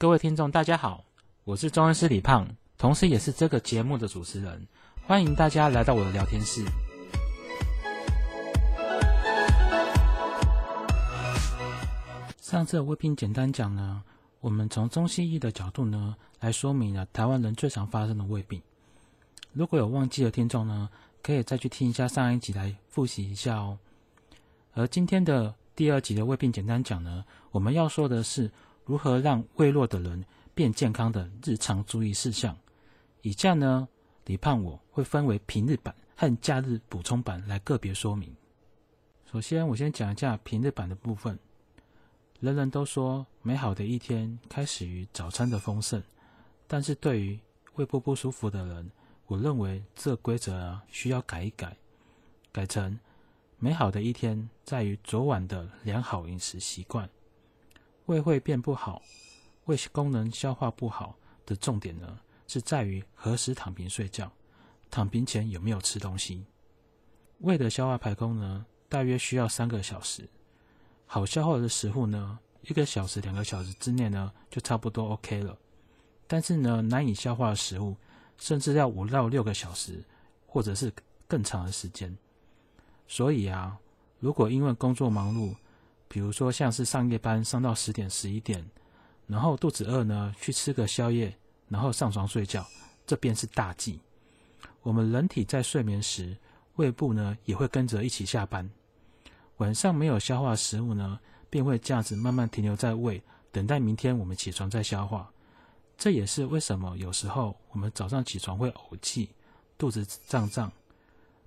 各位聽眾，大家好，我是中醫師李胖，同時也是這個節目的主持人。歡迎大家來到我的聊天室。上次的胃病簡單講呢，我們從中西醫的角度呢來說明了台灣人最常發生的胃病。如果有忘記的聽眾呢，可以再去聽一下上一集來複習一下哦。而今天的第二集的胃病簡單講呢，我們要說的是。如何讓胃弱的人變健康的日常注意事項？以下呢，你判我會分為平日版和假日補充版來個別說明。首先，我先講一下平日版的部分。人人都說美好的一天開始於早餐的豐盛，但是對於胃部不，不舒服的人，我認為這規則啊需要改一改，改成美好的一天在於昨晚的良好飲食習慣。胃會變不好，胃功能消化不好的重點呢，是在於何時躺平睡覺，躺平前有沒有吃東西。胃的消化排空呢，大約需要三個小時。好消化的食物呢，一個小時、兩個小時之內呢，就差不多 OK 了。但是呢，難以消化的食物，甚至要五到六個小時，或者是更長的時間。所以啊，如果因為工作忙碌，比如說，像是上夜班上到十點十一點，然後肚子餓呢，去吃個宵夜，然後上床睡覺，這便是大忌。我們人體在睡眠時，胃部呢也會跟着一起下班。晚上沒有消化食物呢，便會這樣子慢慢停留在胃，等待明天我們起床再消化。這也是為什麼有時候我們早上起床會嘔氣、肚子脹脹、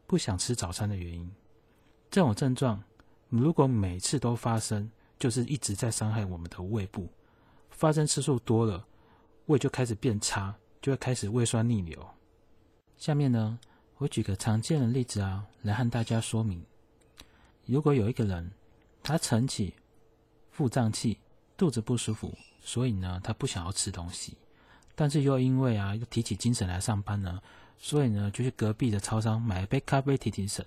不想吃早餐的原因。這種症狀。如果每次都發生，就是一直在傷害我們的胃部。發生次數多了，胃就開始變差，就會開始胃酸逆流。下面呢，我舉個常見的例子啊，來和大家說明：如果有一個人，他晨起腹脹氣，肚子不舒服，所以呢，他不想要吃東西。但是又因為啊，又提起精神來上班呢，所以呢，就去隔壁的超商買杯咖啡提提神。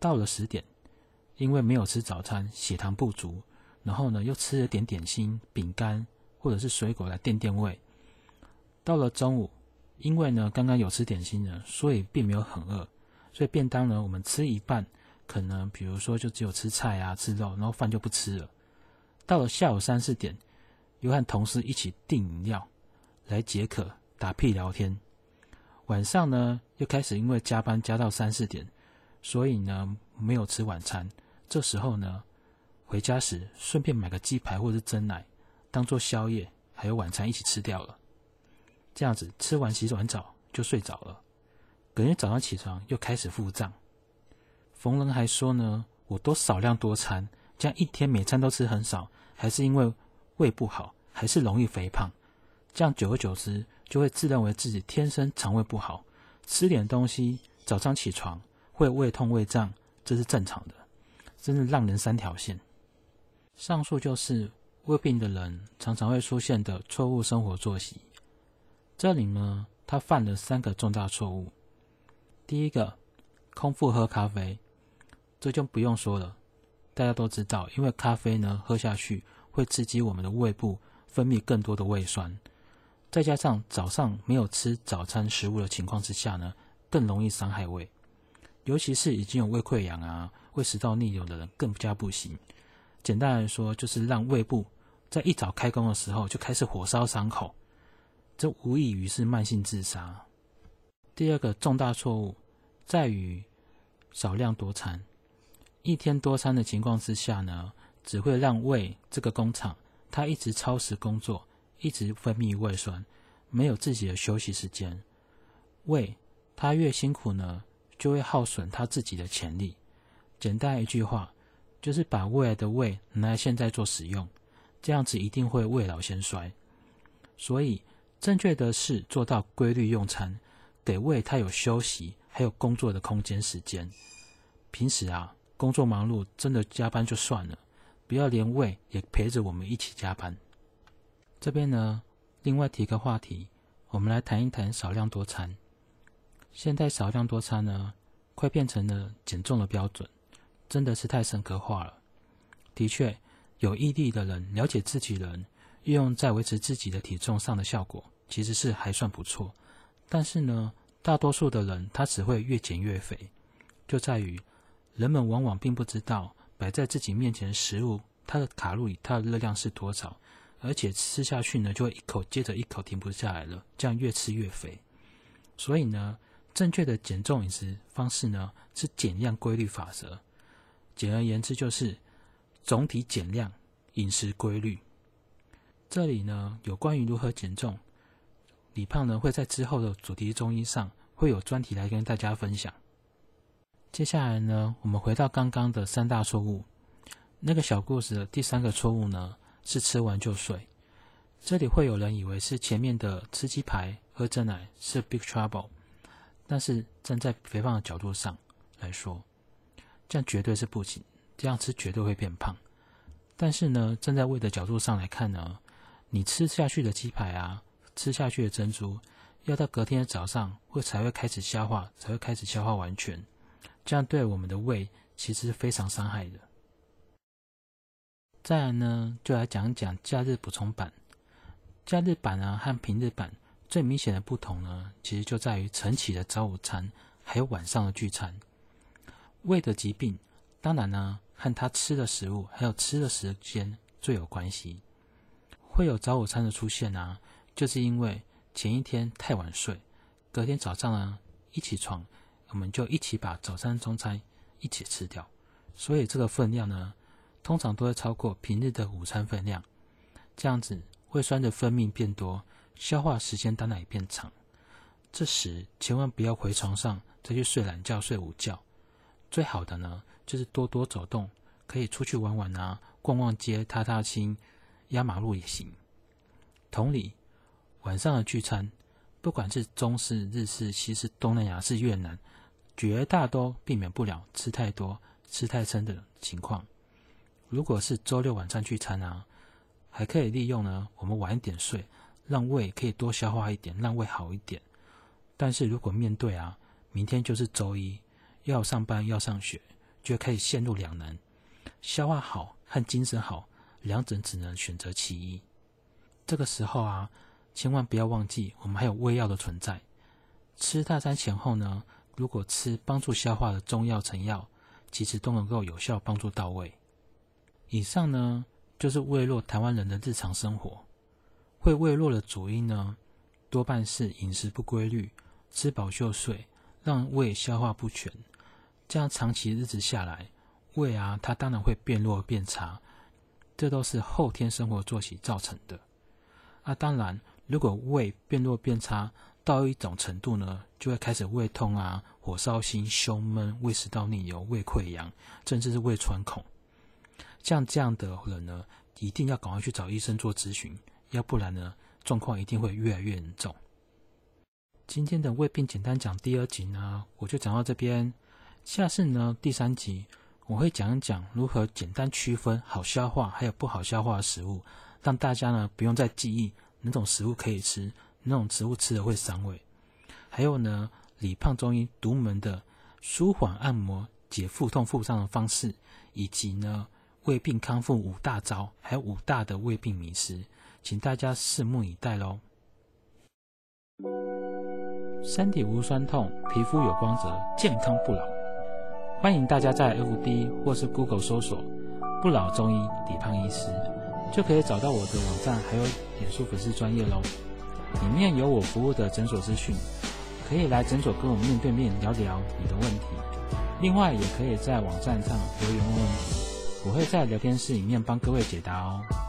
到了十點。因為沒有吃早餐，血糖不足，然後呢又吃了點點心、餅乾或者是水果來墊墊胃。到了中午，因為呢剛剛有吃點心了，所以並沒有很餓，所以便當呢我們吃一半，可能比如說就只有吃菜啊、吃肉，然後飯就不吃了。到了下午三四點，又和同事一起訂飲料來解渴、打屁聊天。晚上呢又開始因為加班加到三四點，所以呢沒有吃晚餐。這時候呢，回家時順便買個雞排或者是蒸奶當做宵夜，還有晚餐一起吃掉了。這樣子吃完洗完澡就睡着了，隔天早上起床又開始腹脹。逢人還說呢，我多少量多餐，這樣一天每餐都吃很少，還是因為胃不好，還是容易肥胖。這樣久而久之就會自認為自己天生腸胃不好，吃點東西，早上起床會胃痛胃脹，這是正常的。真是讓人三條線。上述就是胃病的人常常會出現的錯誤生活作息。這裡呢，他犯了三個重大錯誤。第一個，空腹喝咖啡，這就不用說了，大家都知道，因為咖啡呢喝下去會刺激我們的胃部分泌更多的胃酸，再加上早上沒有吃早餐食物的情況之下呢，更容易傷害胃，尤其是已經有胃潰瘍啊。胃食道逆流的人更加不行。簡單來說，就是讓胃部在一早開工的時候就開始火燒傷口，這無異於是慢性自殺。第二個重大錯誤在於少量多餐。一天多餐的情況之下呢，只會讓胃這個工廠它一直超時工作，一直分泌胃酸，沒有自己的休息時間。胃它越辛苦呢，就會耗損它自己的潛力。簡單一句話，就是把未來的胃拿來現在做使用，這樣子一定會胃老先衰。所以，正確的是做到規律用餐，給胃它有休息還有工作的空間時間。平時啊，工作忙碌，真的加班就算了，不要連胃也陪着我們一起加班。這邊呢，另外提個話題，我們來談一談少量多餐。現在少量多餐呢，快變成了減重的標準。真的是太深刻化了。的確，有毅力的人了解自己人，運用在維持自己的體重上的效果其實是還算不錯。但是呢，大多數的人他只會越減越肥，就在於人們往往並不知道擺在自己面前的食物它的卡路里、它的熱量是多少，而且吃下去呢就一口接着一口停不下來了，這樣越吃越肥。所以呢，正確的減重飲食方式呢是減量規律法則。簡而言之，就是總體減量飲食規律。這裡呢，有關於如何減重，肥胖呢會在之後的主題中醫上會有專題來跟大家分享。接下來呢，我們回到剛剛的三大錯誤。那個小故事的第三個錯誤呢，是吃完就睡。這裡會有人以為是前面的吃雞排、喝珍奶是 big trouble，但是站在肥胖的角度上來說。這樣絕對是不行，這樣吃絕對會變胖。但是呢，站在胃的角度上來看呢，你吃下去的雞排啊，吃下去的珍珠，要到隔天的早上會才會開始消化，才會開始消化完全。這樣對我們的胃其實是非常傷害的。再來呢，就來講講假日補充版、假日版啊和平日版最明顯的不同呢，其實就在於晨起的早午餐，還有晚上的聚餐。胃的疾病，當然呢、啊，和他吃的食物還有吃的時間最有關係。會有早午餐的出現啊，就是因為前一天太晚睡，隔天早上呢、啊、一起床，我們就一起把早餐、中餐一起吃掉，所以這個分量呢，通常都會超過平日的午餐分量。這樣子，胃酸的分泌變多，消化時間當然也變長。這時千萬不要回床上再去睡懶覺、睡午覺。最好的呢，就是多多走動，可以出去玩玩啊，逛逛街、踏踏青、壓馬路也行。同理，晚上的聚餐，不管是中式、日式、西式、東南亞式、越南，絕大多數避免不了吃太多、吃太撐的情況。如果是周六晚上聚餐啊，還可以利用呢，我們晚一點睡，讓胃可以多消化一點，讓胃好一點。但是如果面對啊，明天就是周一。要上班要上學，就可以陷入兩難：消化好和精神好，兩者只能選擇其一。這個時候啊，千萬不要忘記我們還有胃藥的存在。吃大餐前後呢，如果吃幫助消化的中藥成藥，其實都能夠有效幫助到位。以上呢，就是胃弱台灣人的日常生活。會胃弱的主因呢，多半是飲食不規律，吃飽就睡，讓胃消化不全。這樣長期日子下來，胃啊，它當然會變弱變差，這都是後天生活作息造成的。啊，當然，如果胃變弱變差到一種程度呢，就會開始胃痛啊，火燒心、胸悶、胃食道逆流、胃潰瘍，甚至是胃穿孔。像這樣的人呢，一定要趕快去找醫生做諮詢，要不然呢，狀況一定會越來越嚴重。今天的胃病簡單講第二集呢，我就講到這邊。下次呢，第三集我會講一講如何簡單區分好消化還有不好消化的食物，讓大家呢，不用再記憶哪種食物可以吃，哪種食物吃了會傷胃。還有呢，李胖中醫獨門的舒緩按摩解腹痛腹脹的方式，以及呢胃病康復五大招，還有五大的胃病飲食，請大家拭目以待嘍。身體無酸痛，皮膚有光澤，健康不老。歡迎大家在 FB 或是 Google 搜索“不老中醫李胖醫師”，就可以找到我的網站，還有臉書粉絲專業咯。裡面有我服務的診所資訊，可以來診所跟我面對面聊聊你的問題。另外，也可以在網站上留言問問題，我會在聊天室裡面幫各位解答哦。